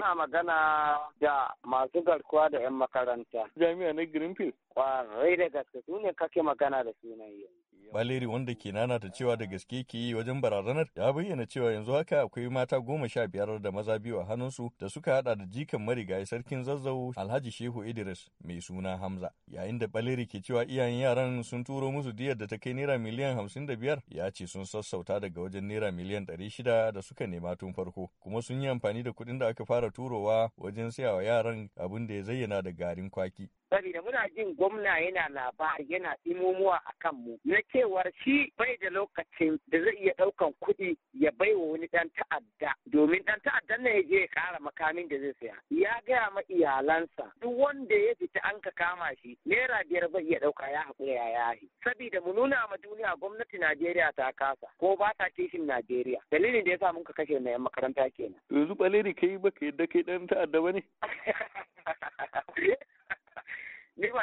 Kana magana da masu garkuwa da 'yan makaranta. Jami'a na Greenpeace? Kwarai da gaske su ne kake magana da sunan yanzu. Baleri wanda ke nanata cewa da gaske ke yi wajen barazanar ya bayyana cewa yanzu haka akwai mata goma sha biyar da maza biyu a hannunsu da suka hada da jikan marigayi sarkin zazzau Alhaji Shehu Idris mai suna Hamza. Yayin da Baleri ke cewa iyayen yaran sun turo musu diyar da ta kai naira miliyan hamsin da biyar ya ce sun sassauta daga wajen naira miliyan ɗari shida da suka nema tun farko kuma sun yi amfani da kuɗin da aka fara turowa wajen sayawa yaran abin da ya zayyana da garin kwaki. saboda muna jin gwamna yana labari yana imomuwa a kan mu na cewar shi bai da lokacin da zai iya ɗaukan kuɗi ya bai wa wani dan ta'adda domin dan ta'addan ne ya je ya kara makamin da zai saya ya gaya ma iyalansa duk wanda ya fita an ka kama shi naira biyar bai iya ɗauka ya haƙura ya yahi saboda mu nuna ma duniya gwamnati Najeriya ta kasa ko ba ta kishin Najeriya dalilin da ya sa mun ka kashe na makaranta kenan yanzu baleri kai baka yadda kai ɗan ta'adda ba ne.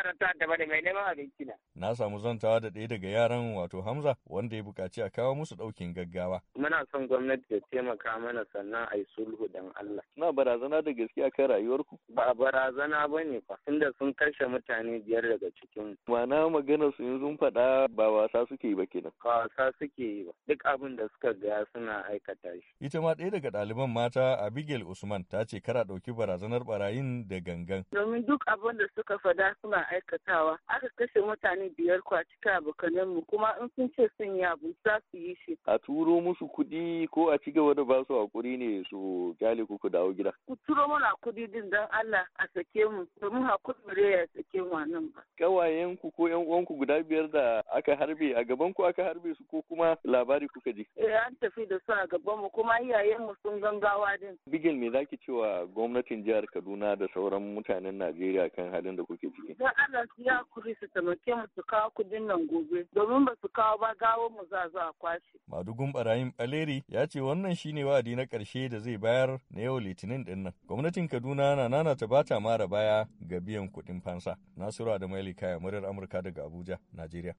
makaranta daban da mai neman abinci na. na samu zantawa da ɗaya daga yaran wato Hamza wanda ya buƙaci a kawo musu ɗaukin gaggawa. Muna son gwamnati ta taimaka mana sannan a yi sulhu dan Allah. Na barazana da a kan rayuwarku? Ba barazana ba ne fa, inda sun kashe mutane biyar daga cikin. Mana maganar su yanzu faɗa ba wasa suke yi ba kenan. Ba wasa suke yi ba, duk abin da suka gaya suna aikata shi. Ita ma ɗaya daga ɗaliban mata Abigail Usman ta ce kara ɗauki barazanar barayin da gangan. Domin duk abin da suka faɗa suna aikatawa, aka kashe mutane ne biyar kwatika abokanen mu kuma in sun ce sun yi abu za su yi shi. A turo musu kuɗi ko a ci gaba da ba su hakuri ne su kyale ku ku dawo gida. Ku turo mana kuɗi din don Allah a sake mu domin hakuri bare ya sake mu a nan ba. Kawayen ku ko ƴan ku guda biyar da aka harbe a gaban ku aka harbe su ko kuma labari kuka ji. Eh an tafi da su a gaban mu kuma iyayen mu sun gangawa din. Bigil me zaki cewa gwamnatin jihar Kaduna da sauran mutanen Najeriya kan halin da kuke ciki? Don Allah su ya kuri su taimake mu su kawo kudin nan gobe domin ba su kawo ba gawo mu za za a kwashe. Madugun barayin Baleri ya ce wannan shi ne wa'adi na ƙarshe da zai bayar na yau litinin din nan. Gwamnatin Kaduna na nana ta bata mara baya ga biyan kuɗin fansa. Nasiru Adamu Elika ya murar Amurka daga Abuja, Najeriya.